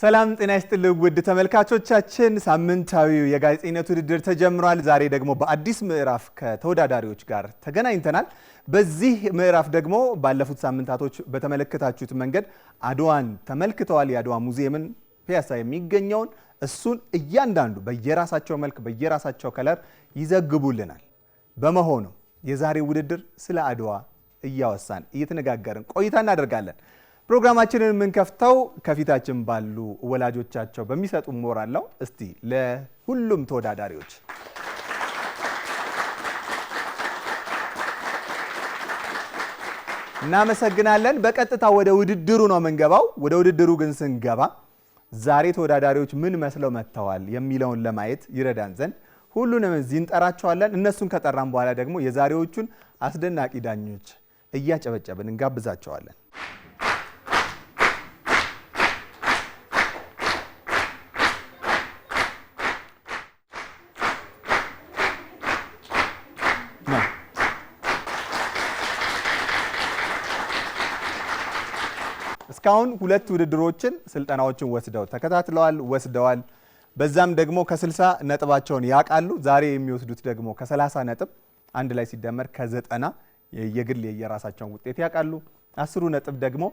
ሰላም ጤና ይስጥልኝ ውድ ተመልካቾቻችን፣ ሳምንታዊው የጋዜጠኝነት ውድድር ተጀምሯል። ዛሬ ደግሞ በአዲስ ምዕራፍ ከተወዳዳሪዎች ጋር ተገናኝተናል። በዚህ ምዕራፍ ደግሞ ባለፉት ሳምንታቶች በተመለከታችሁት መንገድ አድዋን ተመልክተዋል። የአድዋ ሙዚየምን፣ ፒያሳ የሚገኘውን እሱን እያንዳንዱ በየራሳቸው መልክ በየራሳቸው ከለር ይዘግቡልናል። በመሆኑ የዛሬ ውድድር ስለ አድዋ እያወሳን እየተነጋገርን ቆይታ እናደርጋለን። ፕሮግራማችንን የምንከፍተው ከፊታችን ባሉ ወላጆቻቸው በሚሰጡ ሞራል ነው። እስቲ ለሁሉም ተወዳዳሪዎች እናመሰግናለን። በቀጥታ ወደ ውድድሩ ነው የምንገባው። ወደ ውድድሩ ግን ስንገባ ዛሬ ተወዳዳሪዎች ምን መስለው መጥተዋል የሚለውን ለማየት ይረዳን ዘንድ ሁሉንም እዚህ እንጠራቸዋለን። እነሱን ከጠራን በኋላ ደግሞ የዛሬዎቹን አስደናቂ ዳኞች እያጨበጨብን እንጋብዛቸዋለን። እስካሁን ሁለት ውድድሮችን ስልጠናዎችን ወስደው ተከታትለዋል ወስደዋል። በዛም ደግሞ ከ60 ነጥባቸውን ያውቃሉ። ዛሬ የሚወስዱት ደግሞ ከ30 ነጥብ አንድ ላይ ሲደመር ከዘጠና የግል የየራሳቸውን ውጤት ያውቃሉ። አስሩ ነጥብ ደግሞ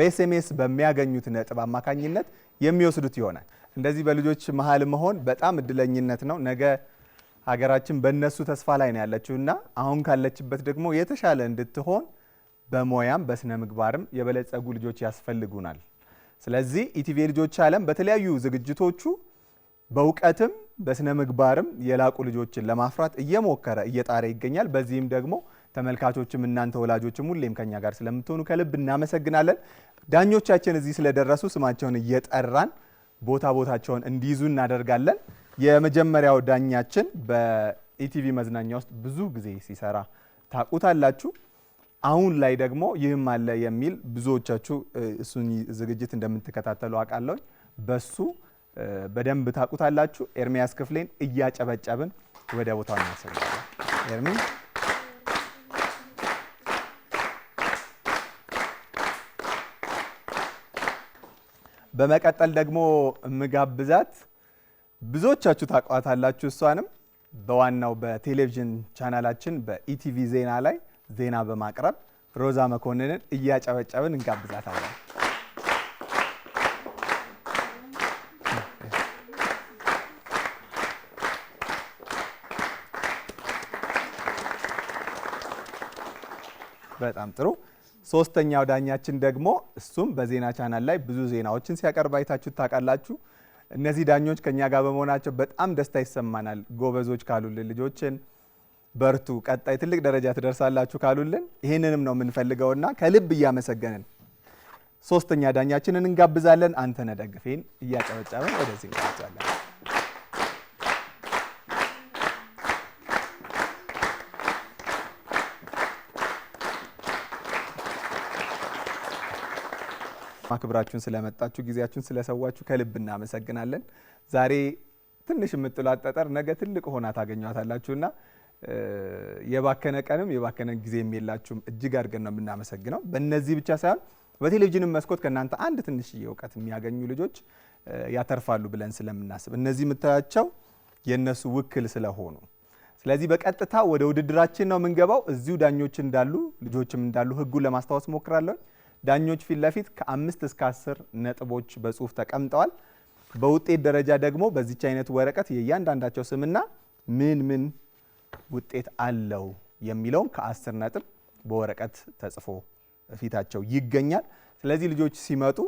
በኤስኤምኤስ በሚያገኙት ነጥብ አማካኝነት የሚወስዱት ይሆናል። እንደዚህ በልጆች መሀል መሆን በጣም እድለኝነት ነው። ነገ ሀገራችን በእነሱ ተስፋ ላይ ነው ያለችው እና አሁን ካለችበት ደግሞ የተሻለ እንድትሆን በሙያም በስነ ምግባርም የበለጸጉ ልጆች ያስፈልጉናል። ስለዚህ ኢቲቪ ልጆች ዓለም በተለያዩ ዝግጅቶቹ በእውቀትም በስነ ምግባርም የላቁ ልጆችን ለማፍራት እየሞከረ እየጣረ ይገኛል። በዚህም ደግሞ ተመልካቾችም እናንተ ወላጆችም ሁሌም ከኛ ጋር ስለምትሆኑ ከልብ እናመሰግናለን። ዳኞቻችን እዚህ ስለደረሱ ስማቸውን እየጠራን ቦታ ቦታቸውን እንዲይዙ እናደርጋለን። የመጀመሪያው ዳኛችን በኢቲቪ መዝናኛ ውስጥ ብዙ ጊዜ ሲሰራ ታውቁታላችሁ። አሁን ላይ ደግሞ ይህም አለ የሚል ብዙዎቻችሁ እሱን ዝግጅት እንደምትከታተሉ አውቃለሁ። በሱ በደንብ ታውቁታላችሁ። ኤርሚያስ ክፍሌን እያጨበጨብን ወደ ቦታው እናሰግዳለን። ኤርሚ በመቀጠል ደግሞ ምጋብዛት ብዙዎቻችሁ ታውቋታላችሁ። እሷንም በዋናው በቴሌቪዥን ቻናላችን በኢቲቪ ዜና ላይ ዜና በማቅረብ ሮዛ መኮንንን እያጨበጨብን እንጋብዛታለን። በጣም ጥሩ። ሶስተኛው ዳኛችን ደግሞ እሱም በዜና ቻናል ላይ ብዙ ዜናዎችን ሲያቀርብ አይታችሁ ታውቃላችሁ። እነዚህ ዳኞች ከኛ ጋር በመሆናቸው በጣም ደስታ ይሰማናል። ጎበዞች ካሉልን ልጆችን በርቱ፣ ቀጣይ ትልቅ ደረጃ ትደርሳላችሁ ካሉልን ይህንንም ነው የምንፈልገውና ከልብ እያመሰገንን ሶስተኛ ዳኛችንን እንጋብዛለን። አንተነህ ደግፌን እያጨበጨበን ወደዚህ እንጋብዛለን። ማክብራችሁን ስለመጣችሁ ጊዜያችሁን ስለሰዋችሁ ከልብ እናመሰግናለን። ዛሬ ትንሽ የምትሏት ጠጠር ነገ ትልቅ ሆና ታገኟታላችሁና የባከነ ቀንም የባከነ ጊዜ የላችሁም። እጅግ አድርገን ነው የምናመሰግነው። በእነዚህ ብቻ ሳይሆን በቴሌቪዥንም መስኮት ከእናንተ አንድ ትንሽዬ እውቀት የሚያገኙ ልጆች ያተርፋሉ ብለን ስለምናስብ እነዚህ የምታያቸው የእነሱ ውክል ስለሆኑ፣ ስለዚህ በቀጥታ ወደ ውድድራችን ነው የምንገባው። እዚሁ ዳኞች እንዳሉ ልጆችም እንዳሉ ህጉን ለማስታወስ ሞክራለሁ። ዳኞች ፊት ለፊት ከአምስት እስከ አስር ነጥቦች በጽሁፍ ተቀምጠዋል። በውጤት ደረጃ ደግሞ በዚች አይነት ወረቀት የእያንዳንዳቸው ስምና ምን ምን ውጤት አለው የሚለውን ከአስር ነጥብ በወረቀት ተጽፎ ፊታቸው ይገኛል። ስለዚህ ልጆች ሲመጡ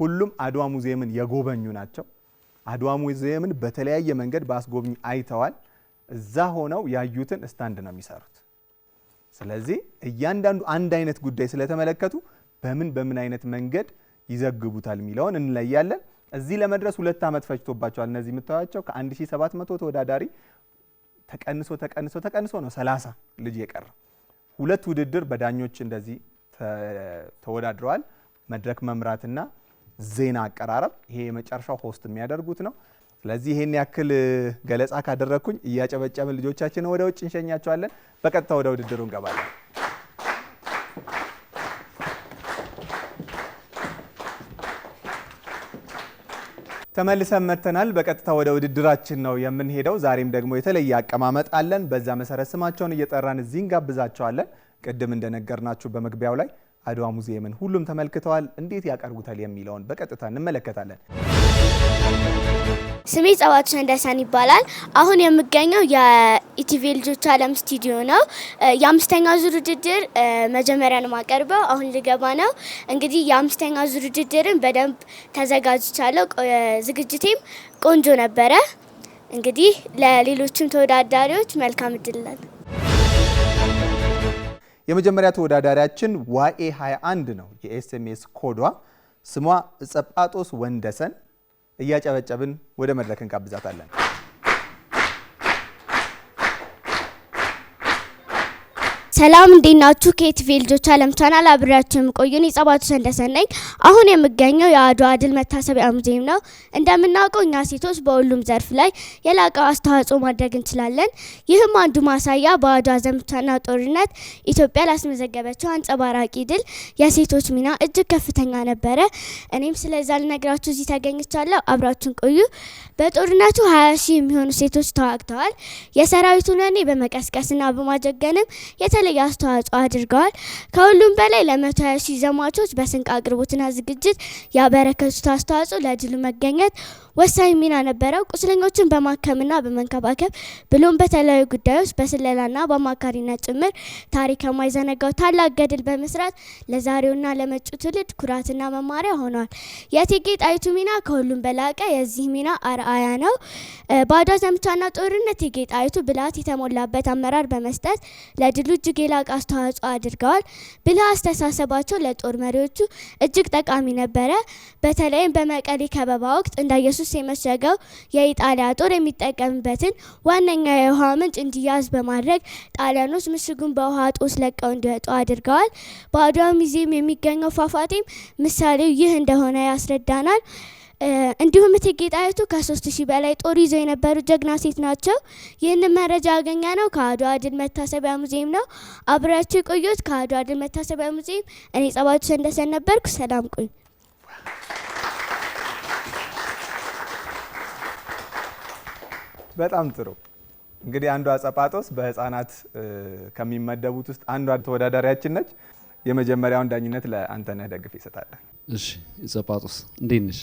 ሁሉም አድዋ ሙዚየምን የጎበኙ ናቸው። አድዋ ሙዚየምን በተለያየ መንገድ በአስጎብኝ አይተዋል። እዛ ሆነው ያዩትን ስታንድ ነው የሚሰሩት። ስለዚህ እያንዳንዱ አንድ አይነት ጉዳይ ስለተመለከቱ በምን በምን አይነት መንገድ ይዘግቡታል የሚለውን እንለያለን። እዚህ ለመድረስ ሁለት ዓመት ፈጅቶባቸዋል። እነዚህ የምታዩቸው ከ1700 ተወዳዳሪ ተቀንሶ ተቀንሶ ተቀንሶ ነው ሰላሳ ልጅ የቀረ። ሁለት ውድድር በዳኞች እንደዚህ ተወዳድረዋል። መድረክ መምራትና ዜና አቀራረብ። ይሄ የመጨረሻው ሆስት የሚያደርጉት ነው። ስለዚህ ይሄን ያክል ገለጻ ካደረግኩኝ እያጨበጨብን ልጆቻችንን ወደ ውጭ እንሸኛቸዋለን። በቀጥታ ወደ ውድድሩ እንገባለን። ተመልሰን መጥተናል። በቀጥታ ወደ ውድድራችን ነው የምንሄደው። ዛሬም ደግሞ የተለየ አቀማመጥ አለን። በዛ መሰረት ስማቸውን እየጠራን እዚህ እንጋብዛቸዋለን። ቅድም እንደነገርናችሁ በመግቢያው ላይ አድዋ ሙዚየምን ሁሉም ተመልክተዋል። እንዴት ያቀርቡታል የሚለውን በቀጥታ እንመለከታለን። ስሜ ጸባችን እንደሰን ይባላል። አሁን የምገኘው የኢቲቪ ልጆች አለም ስቱዲዮ ነው። የአምስተኛ ዙር ውድድር መጀመሪያን ማቀርበው አሁን ልገባ ነው። እንግዲህ የአምስተኛ ዙር ውድድርን በደንብ ተዘጋጅቻለሁ። ዝግጅቴም ቆንጆ ነበረ። እንግዲህ ለሌሎችም ተወዳዳሪዎች መልካም እድላል። የመጀመሪያ ተወዳዳሪያችን ዋኤ 21 ነው የኤስኤምኤስ ኮዷ ስሟ ጸጳጦስ ወንደሰን እያጨበጨብን ወደ መድረክ እንጋብዛታለን። ሰላም እንዴት ናችሁ? ከኢቲቪ ልጆች ዓለም ቻናል አብሬያችሁ የምቆዩን የጸባቱ ሰንደሰነኝ። አሁን የምገኘው የአድዋ ድል መታሰቢያ ሙዚየም ነው። እንደምናውቀው እኛ ሴቶች በሁሉም ዘርፍ ላይ የላቀ አስተዋጽኦ ማድረግ እንችላለን። ይህም አንዱ ማሳያ በአድዋ ዘመቻና ጦርነት ኢትዮጵያ ላስመዘገበችው አንጸባራቂ ድል የሴቶች ሚና እጅግ ከፍተኛ ነበረ። እኔም ስለዛ ልነግራችሁ እዚህ ተገኝቻለሁ። አብራችሁን ቆዩ። በጦርነቱ ሀያ ሺህ የሚሆኑ ሴቶች ተዋግተዋል። የሰራዊቱን ወኔ በመቀስቀስና በማጀገንም የተለ የተለየ አስተዋጽኦ አድርገዋል። ከሁሉም በላይ ለመቶ ሀያ ሺህ ዘማቾች በስንቅ አቅርቦትና ዝግጅት ያበረከቱት አስተዋጽኦ ለድሉ መገኘት ወሳኝ ሚና ነበረው። ቁስለኞችን በማከምና በመንከባከብ ብሎም በተለያዩ ጉዳዮች በስለላና በአማካሪነት ጭምር ታሪክ የማይዘነጋው ታላቅ ገድል በመስራት ለዛሬውና ለመጪው ትውልድ ኩራትና መማሪያ ሆኗል። የእቴጌ ጣይቱ ሚና ከሁሉም በላቀ የዚህ ሚና አርአያ ነው። በአድዋ ዘመቻና ጦርነት እቴጌ ጣይቱ ብልሃት የተሞላበት አመራር በመስጠት ለድሉ እጅግ የላቅ አስተዋጽኦ አድርገዋል። ብልህ አስተሳሰባቸው ለጦር መሪዎቹ እጅግ ጠቃሚ ነበረ። በተለይም በመቀሌ ከበባ ወቅት እንዳ ውስጥ የመሸገው የኢጣሊያ ጦር የሚጠቀምበትን ዋነኛ የውሃ ምንጭ እንዲያዝ በማድረግ ጣሊያኖች ምሽጉን በውሃ ጦስ ለቀው እንዲወጡ አድርገዋል። በአድዋ ሙዚየም የሚገኘው ፏፏቴም ምሳሌው ይህ እንደሆነ ያስረዳናል። እንዲሁም እቴጌ ጣይቱ ከሶስት ሺህ በላይ ጦር ይዘው የነበሩ ጀግና ሴት ናቸው። ይህንን መረጃ ያገኘ ነው ከአድዋ ድል መታሰቢያ ሙዚየም ነው። አብራችሁ ቆዩት። ከአድዋ ድል መታሰቢያ ሙዚየም እኔ ጸባቸው እንደሰን ነበርኩ። ሰላም ቆዩ። በጣም ጥሩ። እንግዲህ አንዷ ጸጳጦስ በህፃናት ከሚመደቡት ውስጥ አንዷ ተወዳዳሪያችን ነች። የመጀመሪያውን ዳኝነት ለአንተነህ ደግፍ ይሰጣለን። እሺ ጸጳጦስ እንዴት ነሽ?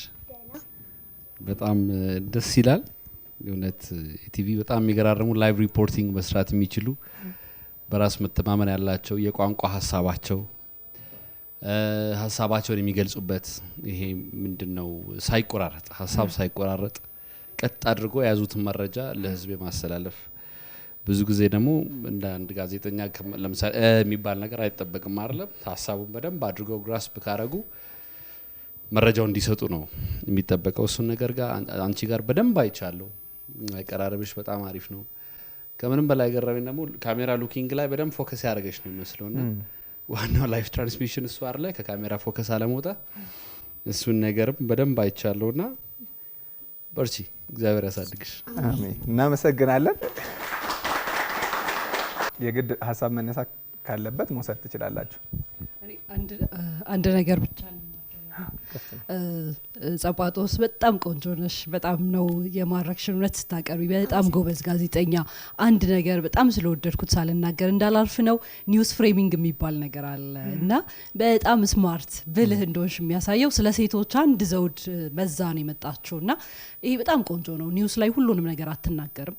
በጣም ደስ ይላል። የእውነት ቲቪ በጣም የሚገራርሙ ላይቭ ሪፖርቲንግ መስራት የሚችሉ በራስ መተማመን ያላቸው የቋንቋ ሀሳባቸው ሀሳባቸውን የሚገልጹበት ይሄ ምንድን ነው ሳይቆራረጥ ሀሳብ ሳይቆራረጥ ቀጥ አድርጎ የያዙትን መረጃ ለህዝብ የማስተላለፍ ብዙ ጊዜ ደግሞ እንደ አንድ ጋዜጠኛ ለምሳሌ የሚባል ነገር አይጠበቅም አይደለም። ሀሳቡን በደንብ አድርገው ግራስፕ ካረጉ መረጃው እንዲሰጡ ነው የሚጠበቀው። እሱን ነገር ጋር አንቺ ጋር በደንብ አይቻለሁ። አቀራረብሽ በጣም አሪፍ ነው። ከምንም በላይ ገረመኝ ደግሞ ካሜራ ሉኪንግ ላይ በደንብ ፎከስ ያደረገች ነው የሚመስለው ና ዋናው ላይፍ ትራንስሚሽን አር ላይ ከካሜራ ፎከስ አለመውጣ እሱን ነገርም በደንብ አይቻለሁ ና በርቺ፣ እግዚአብሔር ያሳድግሽ። እናመሰግናለን። የግድ ሀሳብ መነሳት ካለበት መውሰድ ትችላላችሁ። አንድ ነገር ብቻ ጸጳጦስ በጣም ቆንጆ ነሽ። በጣም ነው የማረክሽን። እውነት ስታቀርቢ በጣም ጎበዝ ጋዜጠኛ። አንድ ነገር በጣም ስለወደድኩት ሳልናገር እንዳላልፍ ነው። ኒውስ ፍሬሚንግ የሚባል ነገር አለ እና በጣም ስማርት ብልህ እንደሆንሽ የሚያሳየው ስለ ሴቶች አንድ ዘውድ በዛ ነው የመጣችው እና ይሄ በጣም ቆንጆ ነው። ኒውስ ላይ ሁሉንም ነገር አትናገርም።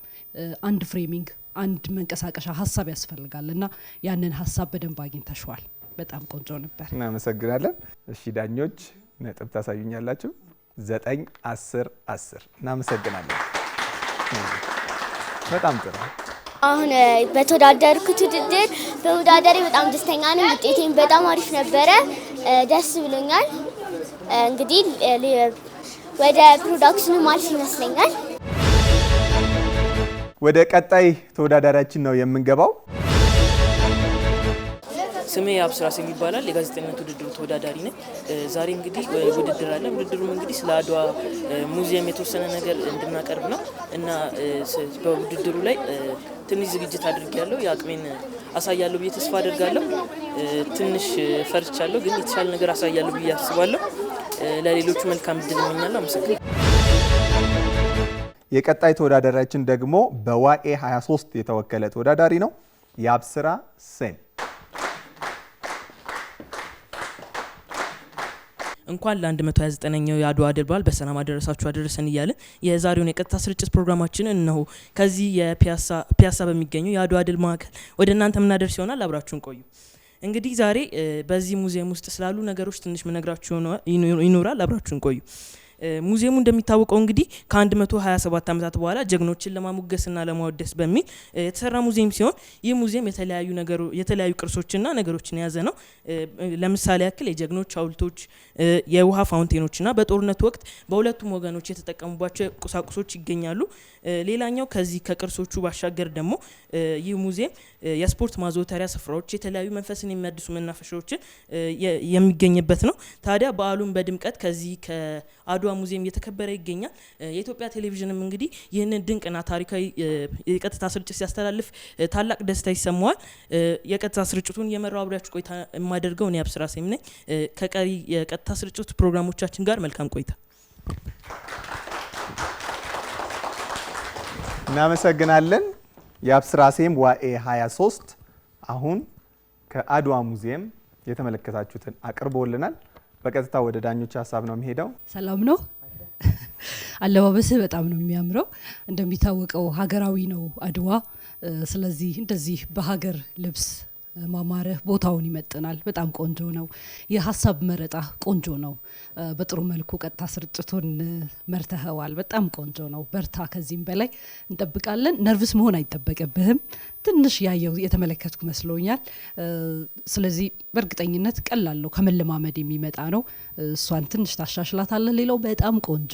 አንድ ፍሬሚንግ፣ አንድ መንቀሳቀሻ ሀሳብ ያስፈልጋል እና ያንን ሀሳብ በደንብ አግኝተሸዋል። በጣም ቆንጆ ነበር። እናመሰግናለን። እሺ ዳኞች ነጥብ ታሳዩኛላችሁ። ዘጠኝ አስር አስር እናመሰግናለን። በጣም ጥሩ። አሁን በተወዳደርኩት ውድድር በመወዳደሬ በጣም ደስተኛ ነኝ። ውጤቴም በጣም አሪፍ ነበረ፣ ደስ ብሎኛል። እንግዲህ ወደ ፕሮዳክሽኑ ማለት ይመስለኛል። ወደ ቀጣይ ተወዳዳሪያችን ነው የምንገባው። ስሜ አብስራስ ይባላል። የጋዜጠኝነት ውድድሩ ተወዳዳሪ ነኝ። ዛሬ እንግዲህ ውድድር አለ። ውድድሩም እንግዲህ ስለ አድዋ ሙዚየም የተወሰነ ነገር እንድናቀርብ ነው እና በውድድሩ ላይ ትንሽ ዝግጅት አድርጌያለሁ። የአቅሜን አሳያለሁ ብዬ ተስፋ አደርጋለሁ። ትንሽ ፈርቻለሁ፣ ግን የተሻለ ነገር አሳያለሁ ብዬ አስባለሁ። ለሌሎቹ መልካም እድል እመኛለሁ። አመሰግናለሁ። የቀጣይ ተወዳዳሪያችን ደግሞ በዋኤ 23 የተወከለ ተወዳዳሪ ነው። የአብስራ ሴን እንኳን ለ129ኛው የአድዋ ድል በዓል በሰላም አደረሳችሁ አደረሰን እያልን የዛሬውን የቀጥታ ስርጭት ፕሮግራማችን እነሆ ከዚህ የፒያሳ በሚገኘው የአድዋ ድል ማዕከል ወደ እናንተ ምናደርስ ይሆናል። አብራችሁን ቆዩ። እንግዲህ ዛሬ በዚህ ሙዚየም ውስጥ ስላሉ ነገሮች ትንሽ ምነግራችሁ ይኖራል። አብራችሁን ቆዩ። ሙዚየሙ እንደሚታወቀው እንግዲህ ከ127 ዓመታት በኋላ ጀግኖችን ለማሞገስና ለማወደስ በሚል የተሰራ ሙዚየም ሲሆን ይህ ሙዚየም የተለያዩ ነገሩ የተለያዩ ቅርሶችና ነገሮችን የያዘ ነው። ለምሳሌ ያክል የጀግኖች ሐውልቶች፣ የውሃ ፋውንቴኖችና በጦርነቱ ወቅት በሁለቱም ወገኖች የተጠቀሙባቸው ቁሳቁሶች ይገኛሉ። ሌላኛው ከዚህ ከቅርሶቹ ባሻገር ደግሞ ይህ ሙዚየም የስፖርት ማዘውተሪያ ስፍራዎች፣ የተለያዩ መንፈስን የሚያድሱ መናፈሻዎችን የሚገኝበት ነው። ታዲያ በዓሉን በድምቀት ከዚህ ከአዱ በአድዋ ሙዚየም እየተከበረ ይገኛል። የኢትዮጵያ ቴሌቪዥንም እንግዲህ ይህንን ድንቅና ታሪካዊ የቀጥታ ስርጭት ሲያስተላልፍ ታላቅ ደስታ ይሰማዋል። የቀጥታ ስርጭቱን የመራው አብሪያችሁ ቆይታ የማደርገው እኔ አብስራ ሴም ነኝ። ከቀሪ የቀጥታ ስርጭት ፕሮግራሞቻችን ጋር መልካም ቆይታ። እናመሰግናለን። የአብስራ ሴም ዋኤ 23 አሁን ከአድዋ ሙዚየም የተመለከታችሁትን አቅርቦልናል። በቀጥታ ወደ ዳኞች ሀሳብ ነው የሚሄደው። ሰላም ነው። አለባበስህ በጣም ነው የሚያምረው። እንደሚታወቀው ሀገራዊ ነው አድዋ። ስለዚህ እንደዚህ በሀገር ልብስ ማማረህ ቦታውን ይመጥናል። በጣም ቆንጆ ነው። የሀሳብ መረጣ ቆንጆ ነው። በጥሩ መልኩ ቀጥታ ስርጭቱን መርተኸዋል። በጣም ቆንጆ ነው። በርታ፣ ከዚህም በላይ እንጠብቃለን። ነርቭስ መሆን አይጠበቅብህም። ትንሽ ያየው የተመለከትኩ መስሎኛል። ስለዚህ በእርግጠኝነት ቀላለሁ። ከመለማመድ የሚመጣ ነው። እሷን ትንሽ ታሻሽላታለህ። ሌላው በጣም ቆንጆ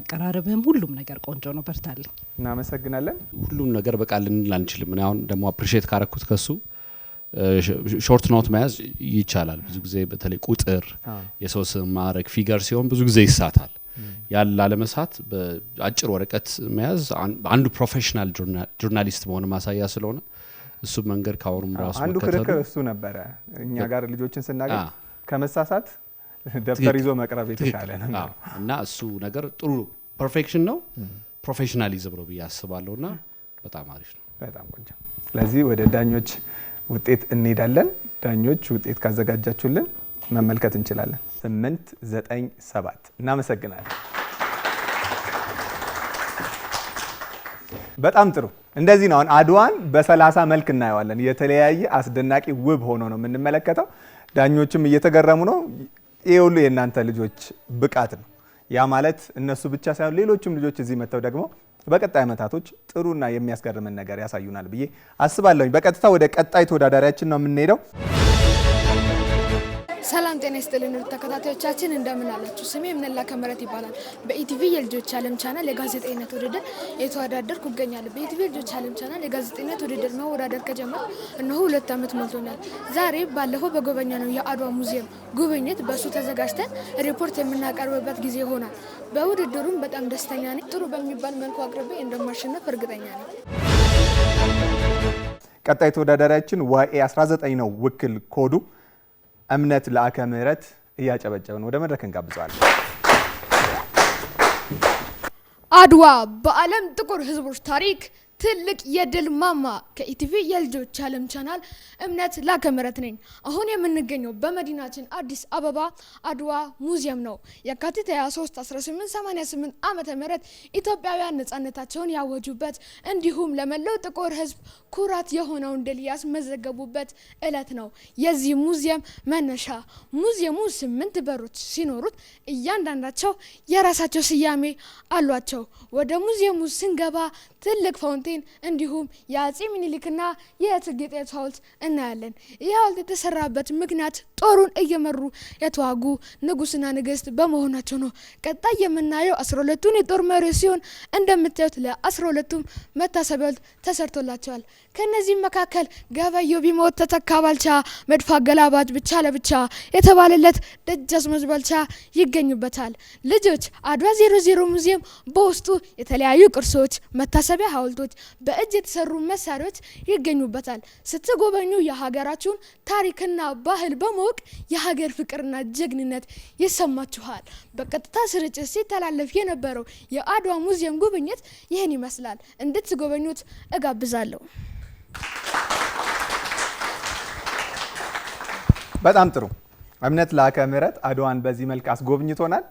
አቀራረብህም፣ ሁሉም ነገር ቆንጆ ነው። በርታለኝ። እናመሰግናለን። ሁሉም ነገር በቃ ልንል አንችልም። አሁን ደግሞ አፕሪሼት ካረኩት ከሱ ሾርት ኖት መያዝ ይቻላል። ብዙ ጊዜ በተለይ ቁጥር፣ የሰው ስም፣ ማዕረግ፣ ፊገር ሲሆን ብዙ ጊዜ ይሳታል። ያን ላለመሳት በአጭር ወረቀት መያዝ አንዱ ፕሮፌሽናል ጆርናሊስት መሆን ማሳያ ስለሆነ እሱ መንገድ ከአሁኑም ራሱ አንዱ ክርክር እሱ ነበረ። እኛ ጋር ልጆችን ስናገር ከመሳሳት ደብተር ይዞ መቅረብ የተሻለ ነው እና እሱ ነገር ጥሩ ፐርፌክሽን ነው ፕሮፌሽናሊዝም ነው ብዬ አስባለሁ። እና በጣም አሪፍ ነው። በጣም ቆንጆ። ስለዚህ ወደ ዳኞች ውጤት እንሄዳለን። ዳኞች ውጤት ካዘጋጃችሁልን መመልከት እንችላለን። ስምንት ዘጠኝ ሰባት እናመሰግናለን። በጣም ጥሩ። እንደዚህ ነው። አሁን አድዋን በሰላሳ መልክ እናየዋለን። የተለያየ አስደናቂ ውብ ሆኖ ነው የምንመለከተው። ዳኞችም እየተገረሙ ነው። ይህ ሁሉ የእናንተ ልጆች ብቃት ነው። ያ ማለት እነሱ ብቻ ሳይሆን ሌሎችም ልጆች እዚህ መጥተው ደግሞ በቀጣይ ዓመታቶች ጥሩና የሚያስገርምን ነገር ያሳዩናል ብዬ አስባለሁኝ። በቀጥታ ወደ ቀጣይ ተወዳዳሪያችን ነው የምንሄደው። ሰላም ጤና ይስጥልን ተከታታዮቻችን፣ እንደምን አላችሁ? ስሜ እምነላ ከመረት ይባላል። በኢቲቪ የልጆች አለም ቻናል የጋዜጠኝነት ውድድር የተወዳደርኩ እገኛለሁ። በኢቲቪ የልጆች አለም ቻናል የጋዜጠኝነት ውድድር መወዳደር ከጀመረ እነሆ ሁለት ዓመት ሞልቶናል። ዛሬ ባለፈው በጎበኛ ነው የአድዋ ሙዚየም ጉብኝት በእሱ ተዘጋጅተን ሪፖርት የምናቀርብበት ጊዜ ይሆናል። በውድድሩም በጣም ደስተኛ ነኝ። ጥሩ በሚባል መልኩ አቅርቤ እንደማሸነፍ እርግጠኛ ነኝ። ቀጣይ ተወዳዳሪያችን ዋኤ 19 ነው፣ ውክል ኮዱ እምነት ለአከ ምህረት እያጨበጨብን ወደ መድረክ እንጋብዘዋለን። አድዋ በዓለም ጥቁር ህዝቦች ታሪክ ትልቅ የድል ማማ ከኢቲቪ የልጆች አለም ቻናል እምነት ላከምረት ነኝ። አሁን የምንገኘው በመዲናችን አዲስ አበባ አድዋ ሙዚየም ነው። የካቲት 23 1888 ዓመተ ምህረት ኢትዮጵያውያን ነጻነታቸውን ያወጁበት እንዲሁም ለመላው ጥቁር ሕዝብ ኩራት የሆነውን ድል ያስመዘገቡበት ዕለት ነው። የዚህ ሙዚየም መነሻ ሙዚየሙ ስምንት በሮች ሲኖሩት እያንዳንዳቸው የራሳቸው ስያሜ አሏቸው። ወደ ሙዚየሙ ስንገባ ትልቅ ፋውንቴን ፋውንቴን እንዲሁም የአጼ ሚኒሊክና የእቴጌ ጣይቱ ሐውልት እናያለን። ይህ ሐውልት የተሰራበት ምክንያት ጦሩን እየመሩ የተዋጉ ንጉስና ንግስት በመሆናቸው ነው። ቀጣይ የምናየው አስራ ሁለቱን የጦር መሪዎች ሲሆን እንደምታዩት ለአስራ ሁለቱም መታሰቢያዎች ተሰርቶላቸዋል። ከእነዚህም መካከል ገበየሁ ቢሞት ተተካ ባልቻ፣ መድፋ ገላባጭ፣ ብቻ ለብቻ የተባለለት ደጃዝማች ባልቻ ይገኙበታል። ልጆች አድዋ ዜሮ ዜሮ ሙዚየም በውስጡ የተለያዩ ቅርሶች፣ መታሰቢያ ሐውልቶች፣ በእጅ የተሰሩ መሳሪያዎች ይገኙበታል። ስትጎበኙ የሀገራችሁን ታሪክና ባህል በመ በማስተዋወቅ የሀገር ፍቅርና ጀግንነት ይሰማችኋል። በቀጥታ ስርጭት ሲተላለፍ የነበረው የአድዋ ሙዚየም ጉብኝት ይህን ይመስላል። እንድትጎበኙት እጋብዛለሁ። በጣም ጥሩ እምነት ለአከ ምህረት አድዋን በዚህ መልክ አስጎብኝቶናል።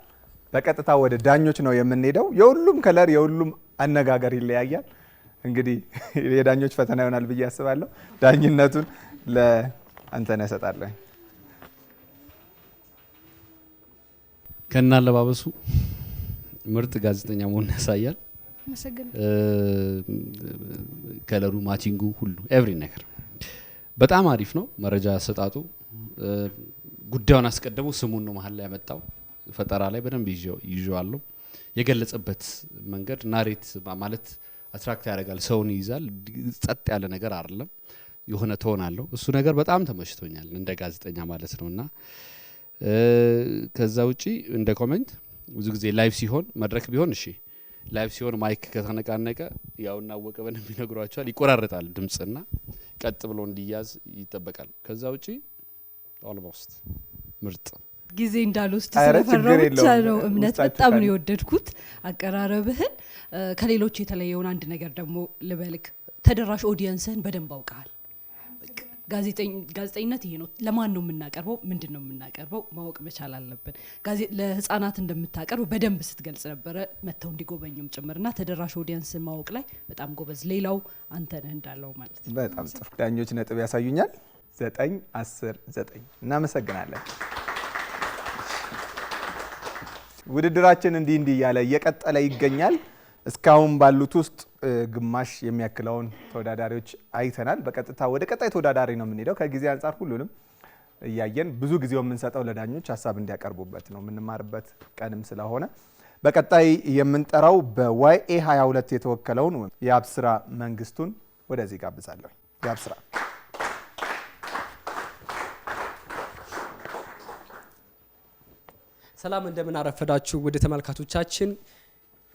በቀጥታ ወደ ዳኞች ነው የምንሄደው። የሁሉም ከለር የሁሉም አነጋገር ይለያያል። እንግዲህ የዳኞች ፈተና ይሆናል ብዬ አስባለሁ። ዳኝነቱን ለአንተነህ እሰጣለሁ። ከና አለባበሱ ምርጥ ጋዜጠኛ መሆን ያሳያል። ከለሩ፣ ማቲንጉ፣ ሁሉ ኤቭሪ ነገር በጣም አሪፍ ነው። መረጃ አሰጣጡ ጉዳዩን አስቀድሞ ስሙን ነው መሀል ላይ ያመጣው። ፈጠራ ላይ በደንብ ይዤዋለሁ። የገለጸበት መንገድ ናሬት ማለት አትራክት ያደርጋል፣ ሰውን ይይዛል። ጸጥ ያለ ነገር አይደለም፣ የሆነ አለው። እሱ ነገር በጣም ተመችቶኛል እንደ ጋዜጠኛ ማለት ነው እና ከዛ ውጪ እንደ ኮሜንት ብዙ ጊዜ ላይቭ ሲሆን መድረክ ቢሆን እሺ፣ ላይቭ ሲሆን ማይክ ከተነቃነቀ ያው እናወቀ በን የሚነግሯቸዋል ይቆራረጣል ድምፅና ቀጥ ብሎ እንዲያዝ ይጠበቃል። ከዛ ውጪ ኦልሞስት ምርጥ ጊዜ እንዳልወስድ ስለፈራው ብቻ ነው። እምነት በጣም ነው የወደድኩት አቀራረብህን። ከሌሎች የተለየውን አንድ ነገር ደግሞ ልበልክ፣ ተደራሽ ኦዲየንስህን በደንብ አውቀሃል። ጋዜጠኝነት ይሄ ነው። ለማን ነው የምናቀርበው? ምንድን ነው የምናቀርበው? ማወቅ መቻል አለብን። ለህፃናት እንደምታቀርብ በደንብ ስትገልጽ ነበረ፣ መጥተው እንዲጎበኙም ጭምርና ተደራሽ ኦዲየንስ ማወቅ ላይ በጣም ጎበዝ። ሌላው አንተ ነህ እንዳለው ማለት ነው። በጣም ጥሩ። ዳኞች ነጥብ ያሳዩኛል። ዘጠኝ አስር ዘጠኝ። እናመሰግናለን። ውድድራችን እንዲህ እንዲህ እያለ እየቀጠለ ይገኛል። እስካሁን ባሉት ውስጥ ግማሽ የሚያክለውን ተወዳዳሪዎች አይተናል። በቀጥታ ወደ ቀጣይ ተወዳዳሪ ነው የምንሄደው። ከጊዜ አንጻር ሁሉንም እያየን ብዙ ጊዜው የምንሰጠው ለዳኞች ሀሳብ እንዲያቀርቡበት ነው የምንማርበት ቀንም ስለሆነ በቀጣይ የምንጠራው በዋይኤ 22 የተወከለውን የአብስራ መንግስቱን ወደዚህ ጋብዛለሁ። የአብስራ ሰላም፣ እንደምን አረፈዳችሁ ውድ ተመልካቾቻችን።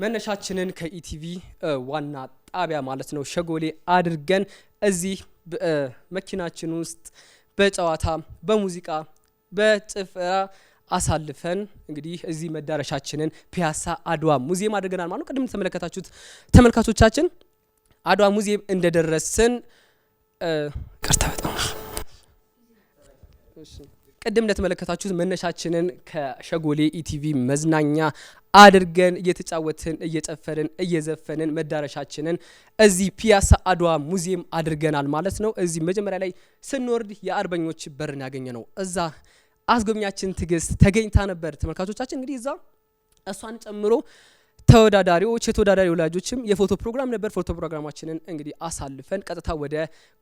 መነሻችንን ከኢቲቪ ዋና ጣቢያ ማለት ነው ሸጎሌ አድርገን እዚህ መኪናችን ውስጥ በጨዋታ በሙዚቃ በጭፈራ አሳልፈን እንግዲህ እዚህ መዳረሻችንን ፒያሳ አድዋ ሙዚየም አድርገናል ማለት ነው። ቅድም ተመለከታችሁት ተመልካቾቻችን አድዋ ሙዚየም እንደደረስን ቅርታ በጣም ቅድም እንደተመለከታችሁት መነሻችንን ከሸጎሌ ኢቲቪ መዝናኛ አድርገን እየተጫወትን እየጨፈርን እየዘፈንን መዳረሻችንን እዚህ ፒያሳ አድዋ ሙዚየም አድርገናል ማለት ነው። እዚህ መጀመሪያ ላይ ስንወርድ የአርበኞች በርን ያገኘ ነው። እዛ አስጎብኛችን ትግስት ተገኝታ ነበር። ተመልካቾቻችን እንግዲህ እዛ እሷን ጨምሮ ተወዳዳሪዎች የተወዳዳሪ ወላጆችም የፎቶ ፕሮግራም ነበር። ፎቶ ፕሮግራማችንን እንግዲህ አሳልፈን ቀጥታ ወደ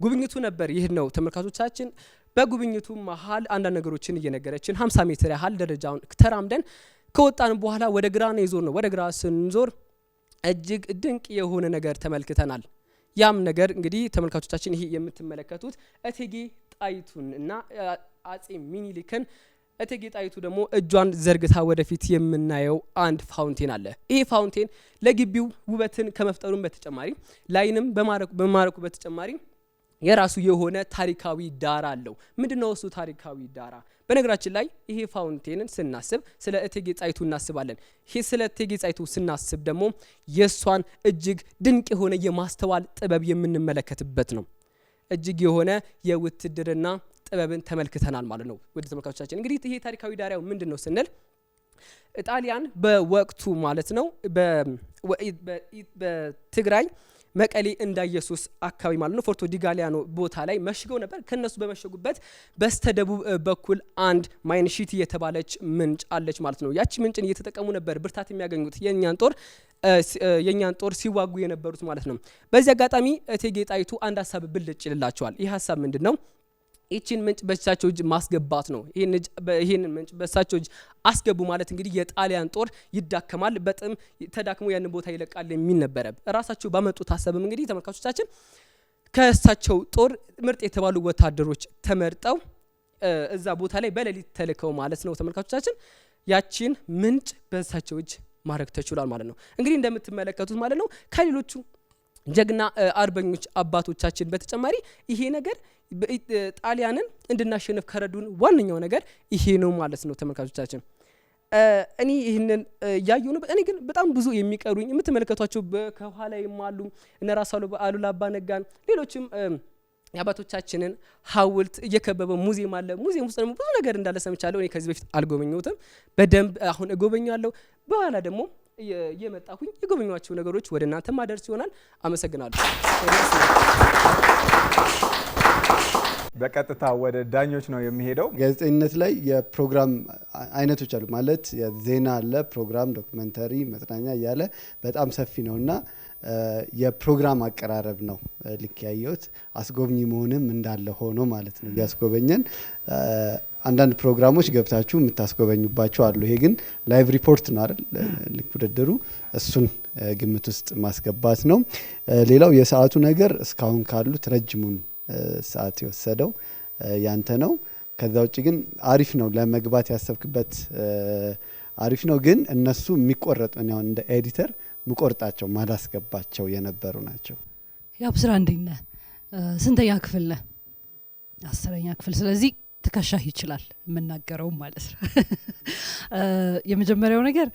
ጉብኝቱ ነበር ይህ ነው ተመልካቾቻችን። በጉብኝቱ መሀል አንዳንድ ነገሮችን እየነገረችን 50 ሜትር ያህል ደረጃውን ተራምደን ከወጣን በኋላ ወደ ግራ ነው የዞር ነው። ወደ ግራ ስንዞር እጅግ ድንቅ የሆነ ነገር ተመልክተናል። ያም ነገር እንግዲህ ተመልካቾቻችን ይሄ የምትመለከቱት እቴጌ ጣይቱን እና አጼ ሚኒሊክን እቴጌ ጣይቱ ደግሞ እጇን ዘርግታ ወደፊት የምናየው አንድ ፋውንቴን አለ። ይሄ ፋውንቴን ለግቢው ውበትን ከመፍጠሩም በተጨማሪ ላይንም በማረኩ በተጨማሪ የራሱ የሆነ ታሪካዊ ዳራ አለው። ምንድነው እሱ ታሪካዊ ዳራ? በነገራችን ላይ ይሄ ፋውንቴንን ስናስብ ስለ እቴጌ ጣይቱ እናስባለን። ይሄ ስለ እቴጌ ጣይቱ ስናስብ ደግሞ የእሷን እጅግ ድንቅ የሆነ የማስተዋል ጥበብ የምንመለከትበት ነው። እጅግ የሆነ የውትድርና ጥበብን ተመልክተናል ማለት ነው። ውድ ተመልካቾቻችን እንግዲህ ይሄ ታሪካዊ ዳራው ምንድን ነው ስንል ጣሊያን በወቅቱ ማለት ነው በትግራይ መቀሌ እንዳ ኢየሱስ አካባቢ ማለት ነው ፎርቶ ዲጋሊያኖ ቦታ ላይ መሽገው ነበር። ከነሱ በመሸጉበት በስተደቡብ በኩል አንድ ማይንሺት የተባለች ምንጭ አለች ማለት ነው። ያቺ ምንጭን እየተጠቀሙ ነበር ብርታት የሚያገኙት የእኛን ጦር የእኛን ጦር ሲዋጉ የነበሩት ማለት ነው። በዚህ አጋጣሚ እቴጌ ጣይቱ አንድ ሀሳብ ብልጭ ይልላቸዋል። ይህ ሀሳብ ምንድን ነው? ይችን ምንጭ በእሳቸው እጅ ማስገባት ነው። ይህን ምንጭ በእሳቸው እጅ አስገቡ ማለት እንግዲህ የጣሊያን ጦር ይዳከማል፣ በጥም ተዳክሞ ያን ቦታ ይለቃል የሚል ነበረ። ራሳቸው ባመጡት ሀሳብም እንግዲህ ተመልካቾቻችን ከእሳቸው ጦር ምርጥ የተባሉ ወታደሮች ተመርጠው እዛ ቦታ ላይ በሌሊት ተልከው ማለት ነው ተመልካቾቻችን ያቺን ምንጭ በእሳቸው እጅ ማድረግ ተችሏል ማለት ነው። እንግዲህ እንደምትመለከቱት ማለት ነው ከሌሎቹ ጀግና አርበኞች አባቶቻችን በተጨማሪ ይሄ ነገር ጣሊያንን እንድናሸንፍ ከረዱን ዋነኛው ነገር ይሄ ነው ማለት ነው ተመልካቾቻችን። እኔ ይህንን እያየሁ ነው። እኔ ግን በጣም ብዙ የሚቀሩኝ የምትመለከቷቸው ከኋላይም አሉ እነ ራስ አሉላ አባ ነጋን ሌሎችም የአባቶቻችንን ሐውልት እየከበበ ሙዚየም አለ። ሙዚየም ውስጥ ደግሞ ብዙ ነገር እንዳለ ሰምቻለሁ። እኔ ከዚህ በፊት አልጎበኘሁትም። በደንብ አሁን እጎበኛለሁ። በኋላ ደግሞ የመጣሁኝ የጎበኟቸው ነገሮች ወደ እናንተ ማደርስ ይሆናል። አመሰግናለሁ። በቀጥታ ወደ ዳኞች ነው የሚሄደው። ጋዜጠኝነት ላይ የፕሮግራም አይነቶች አሉ ማለት ዜና አለ፣ ፕሮግራም፣ ዶክመንተሪ፣ መዝናኛ እያለ በጣም ሰፊ ነው እና የፕሮግራም አቀራረብ ነው ልክ ያየሁት። አስጎብኚ መሆንም እንዳለ ሆኖ ማለት ነው እያስጎበኘን አንዳንድ ፕሮግራሞች ገብታችሁ የምታስጎበኙባቸው አሉ። ይሄ ግን ላይቭ ሪፖርት ነው አይደል? ልክ ውድድሩ እሱን ግምት ውስጥ ማስገባት ነው። ሌላው የሰዓቱ ነገር እስካሁን ካሉት ረጅሙን ሰዓት የወሰደው ያንተ ነው። ከዛ ውጭ ግን አሪፍ ነው። ለመግባት ያሰብክበት አሪፍ ነው። ግን እነሱ የሚቆረጥ እኔ እንደ ኤዲተር ምቆርጣቸው ማላስገባቸው የነበሩ ናቸው። ያው ስራ እንዴት ነህ? ስንተኛ ክፍል ነህ? አስረኛ ክፍል። ስለዚህ ትከሻህ ይችላል የምናገረውም ማለት ነው። የመጀመሪያው ነገር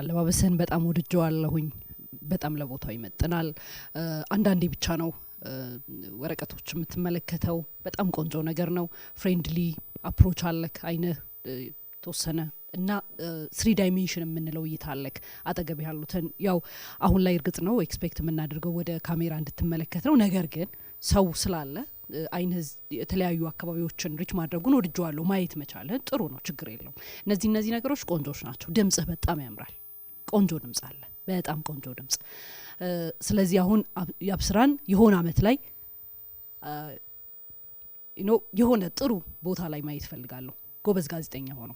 አለባበስህን በጣም ወድጀዋለሁኝ። በጣም ለቦታው ይመጥናል። አንዳንዴ ብቻ ነው ወረቀቶች የምትመለከተው በጣም ቆንጆ ነገር ነው። ፍሬንድሊ አፕሮች አለክ አይነህ ተወሰነ እና ስሪ ዳይሜንሽን የምንለው እይታ አለክ አጠገብ ያሉትን ያው አሁን ላይ እርግጥ ነው ኤክስፔክት የምናደርገው ወደ ካሜራ እንድትመለከት ነው። ነገር ግን ሰው ስላለ አይነ የተለያዩ አካባቢዎችን ሪች ማድረጉን ወድጀዋለሁ። ማየት መቻለ ጥሩ ነው፣ ችግር የለውም። እነዚህ እነዚህ ነገሮች ቆንጆች ናቸው። ድምጽህ በጣም ያምራል። ቆንጆ ድምጽ አለ፣ በጣም ቆንጆ ድምጽ ስለዚህ አሁን አብስራን የሆነ አመት ላይ የሆነ ጥሩ ቦታ ላይ ማየት ፈልጋለሁ ጎበዝ ጋዜጠኛ ሆኖ።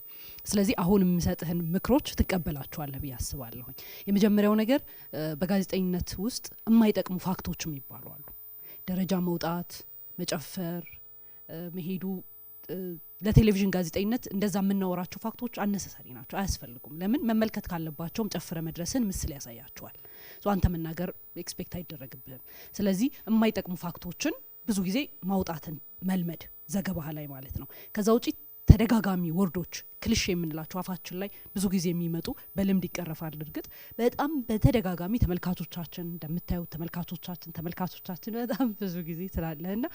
ስለዚህ አሁን የምሰጥህን ምክሮች ትቀበላቸዋለህ ብዬ አስባለሁኝ። የመጀመሪያው ነገር በጋዜጠኝነት ውስጥ የማይጠቅሙ ፋክቶችም የሚባሉ አሉ። ደረጃ መውጣት፣ መጨፈር፣ መሄዱ ለቴሌቪዥን ጋዜጠኝነት እንደዛ የምናወራቸው ፋክቶች አነሳሳሪ ናቸው፣ አያስፈልጉም። ለምን መመልከት ካለባቸውም ጨፍረ መድረስን ምስል ያሳያቸዋል። አንተ መናገር ኤክስፔክት አይደረግብህም። ስለዚህ የማይጠቅሙ ፋክቶችን ብዙ ጊዜ ማውጣትን መልመድ ዘገባህ ላይ ማለት ነው። ከዛ ውጪ ተደጋጋሚ ወርዶች ክልሽ የምንላቸው አፋችን ላይ ብዙ ጊዜ የሚመጡ በልምድ ይቀረፋል። እርግጥ በጣም በተደጋጋሚ ተመልካቾቻችን እንደምታዩት ተመልካቾቻችን ተመልካቾቻችን በጣም ብዙ ጊዜ ስላለህ እና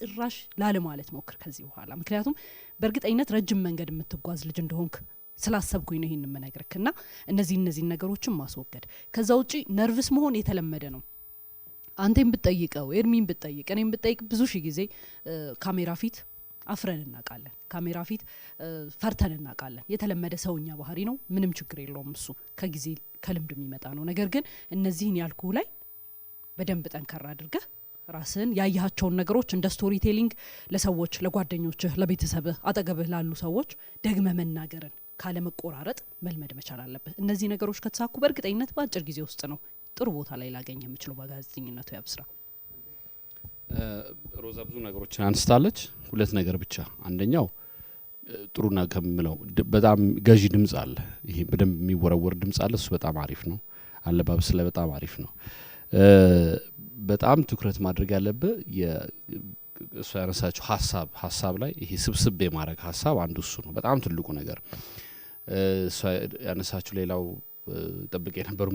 ጭራሽ ላለ ማለት ሞክር ከዚህ በኋላ ምክንያቱም በእርግጠኝነት ረጅም መንገድ የምትጓዝ ልጅ እንደሆንክ ስላሰብኩኝ ነው ይህን የምነግርህ እና እነዚህ እነዚህን ነገሮችን ማስወገድ። ከዛ ውጪ ነርቭስ መሆን የተለመደ ነው። አንተን ብጠይቀው ኤርሚን ብጠይቅ እኔም ብጠይቅ ብዙ ሺ ጊዜ ካሜራ ፊት አፍረን እናውቃለን። ካሜራ ፊት ፈርተን እናውቃለን። የተለመደ ሰውኛ ባህሪ ነው። ምንም ችግር የለውም። እሱ ከጊዜ ከልምድ የሚመጣ ነው። ነገር ግን እነዚህን ያልኩ ላይ በደንብ ጠንከራ አድርገህ ራስህን ያየሃቸውን ነገሮች እንደ ስቶሪ ቴሊንግ ለሰዎች ለጓደኞችህ፣ ለቤተሰብህ፣ አጠገብህ ላሉ ሰዎች ደግመ መናገርን ካለመቆራረጥ መልመድ መቻል አለብህ። እነዚህ ነገሮች ከተሳኩ በእርግጠኝነት በአጭር ጊዜ ውስጥ ነው ጥሩ ቦታ ላይ ላገኝ የምችለው በጋዜጠኝነቱ ያብስራ። ሮዛ ብዙ ነገሮችን አንስታለች። ሁለት ነገር ብቻ አንደኛው ጥሩና ከምለው በጣም ገዢ ድምፅ አለ። ይሄ በደንብ የሚወረወር ድምጽ አለ። እሱ በጣም አሪፍ ነው። አለባበስ ላይ በጣም አሪፍ ነው። በጣም ትኩረት ማድረግ ያለብህ እሱ ያነሳቸው ሀሳብ ሀሳብ ላይ ይሄ ስብስብ የማድረግ ሀሳብ አንዱ እሱ ነው። በጣም ትልቁ ነገር ያነሳችሁ ሌላው ጠብቄ የነበሩ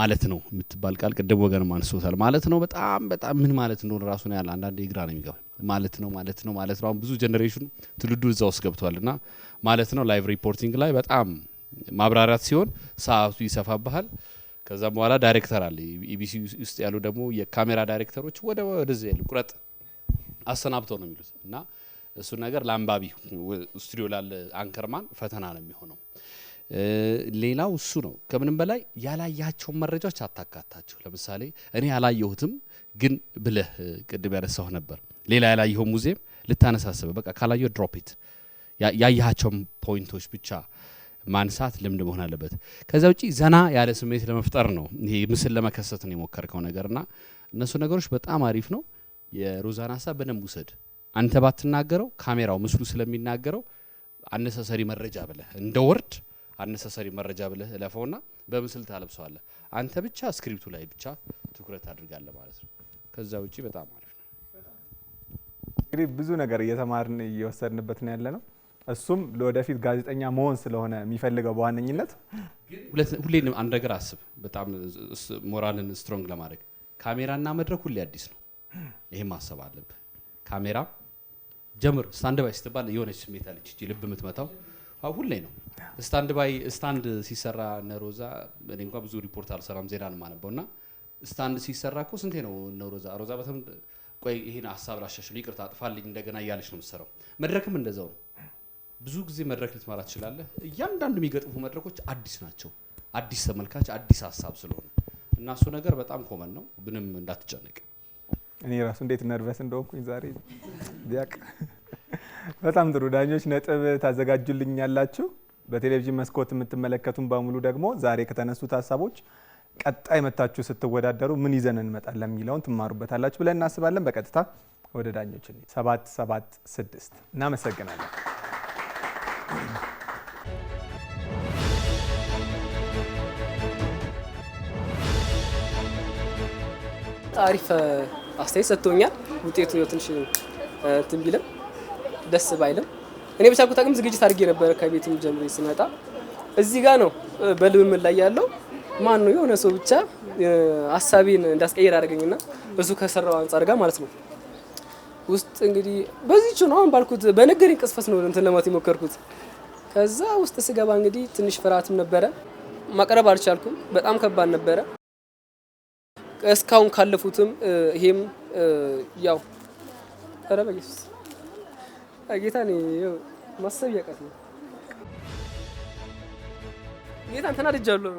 ማለት ነው የምትባል ቃል ቅድም ወገን አንስቶታል። ማለት ነው በጣም በጣም ምን ማለት እንደሆነ ራሱ ነው ያለ አንዳንድ የግራ ነው የሚገባ ማለት ነው ማለት ነው ማለት ነው። አሁን ብዙ ጀኔሬሽኑ ትውልዱ እዛ ውስጥ ገብቷል። እና ማለት ነው ላይቭ ሪፖርቲንግ ላይ በጣም ማብራራት ሲሆን ሰዓቱ ይሰፋብሃል። ከዛም በኋላ ዳይሬክተር አለ ኢቢሲ ውስጥ ያሉ ደግሞ የካሜራ ዳይሬክተሮች ወደ ወደዚ ቁረጥ አሰናብተው ነው የሚሉት እና እሱ ነገር ለአንባቢ ስቱዲዮ ላለ አንከርማን ፈተና ነው የሚሆነው። ሌላው እሱ ነው። ከምንም በላይ ያላያቸውን መረጃዎች አታካታቸው። ለምሳሌ እኔ ያላየሁትም ግን ብለህ ቅድም ያነሳሁ ነበር። ሌላ ያላየኸው ሙዚየም ልታነሳስበ በቃ ካላየ ድሮፒት ያያቸውን ፖይንቶች ብቻ ማንሳት ልምድ መሆን አለበት። ከዚያ ውጪ ዘና ያለ ስሜት ለመፍጠር ነው ይሄ ምስል ለመከሰት ነው የሞከርከው ነገርና እነሱ ነገሮች በጣም አሪፍ ነው። የሮዛን ሀሳብ በደንብ ውሰድ። አንተ ባትናገረው ካሜራው ምስሉ ስለሚናገረው አነሳሰሪ መረጃ ብለህ እንደ ወርድ አነሳሰሪ መረጃ ብለህ እለፈውና በምስል ታለብሰዋለህ። አንተ ብቻ ስክሪፕቱ ላይ ብቻ ትኩረት አድርጋለህ ማለት ነው። ከዛ ውጪ በጣም አሪፍ ነው። እንግዲህ ብዙ ነገር እየተማርን እየወሰድንበት ነው ያለ ነው። እሱም ለወደፊት ጋዜጠኛ መሆን ስለሆነ የሚፈልገው በዋነኝነት ሁሌ አንድ ነገር አስብ። በጣም ሞራልን ስትሮንግ ለማድረግ ካሜራና መድረክ ሁሌ አዲስ ነው። ይህም ማሰብ አለብህ ካሜራ ጀምር ስታንድ ባይ ስትባል የሆነች ስሜት አለች እ ልብ የምትመታው ሁሌ ነው። ስታንድ ባይ ስታንድ ሲሰራ ነሮዛ እኔ እንኳ ብዙ ሪፖርት አልሰራም፣ ዜና ነው የማነበው እና ስታንድ ሲሰራ እኮ ስንቴ ነው ነሮዛ ሮዛ በተም ቆይ ይህን ሀሳብ ላሻሽሉ፣ ይቅርታ አጥፋልኝ እንደገና እያለች ነው የምትሰራው። መድረክም እንደዛው ነው። ብዙ ጊዜ መድረክ ልትመራ ትችላለህ። እያንዳንዱ የሚገጥሙ መድረኮች አዲስ ናቸው። አዲስ ተመልካች፣ አዲስ ሀሳብ ስለሆነ እና እሱ ነገር በጣም ኮመን ነው። ምንም እንዳትጨነቅ እኔ ራሱ እንዴት ነርቨስ እንደሆንኩኝ ዛሬ ቢያቅ። በጣም ጥሩ ዳኞች ነጥብ ታዘጋጁልኛላችሁ በቴሌቪዥን መስኮት የምትመለከቱን በሙሉ ደግሞ ዛሬ ከተነሱት ሀሳቦች ቀጣይ መታችሁ ስትወዳደሩ ምን ይዘን እንመጣለን የሚለውን ትማሩበታላችሁ ብለን እናስባለን። በቀጥታ ወደ ዳኞች ሰባት ሰባት ስድስት እናመሰግናለን። አሪፍ አስተያየት ሰጥቶኛል። ውጤቱ ነው ትንሽ እንትን ቢልም ደስ ባይልም እኔ በቻልኩት አቅም ዝግጅት አድርጌ ነበረ። ከቤትም ጀምሬ ስመጣ እዚህ ጋር ነው በልምምድ ላይ ያለው ማን ነው የሆነ ሰው ብቻ ሀሳቤን እንዳስቀየር አደረገኝና እሱ ከሰራው አንጻር ጋር ማለት ነው ውስጥ እንግዲህ በዚች ነው አሁን ባልኩት በነገሬ ቅስፈት ነው እንትን ለማት የሞከርኩት። ከዛ ውስጥ ስገባ እንግዲህ ትንሽ ፍርሃትም ነበረ፣ ማቅረብ አልቻልኩም። በጣም ከባድ ነበረ። እስካሁን ካለፉትም ይሄም ያው ኧረ በኢየሱስ ጌታ ማሰብ ያቀት ነው ጌታን ተናድጃለሁ።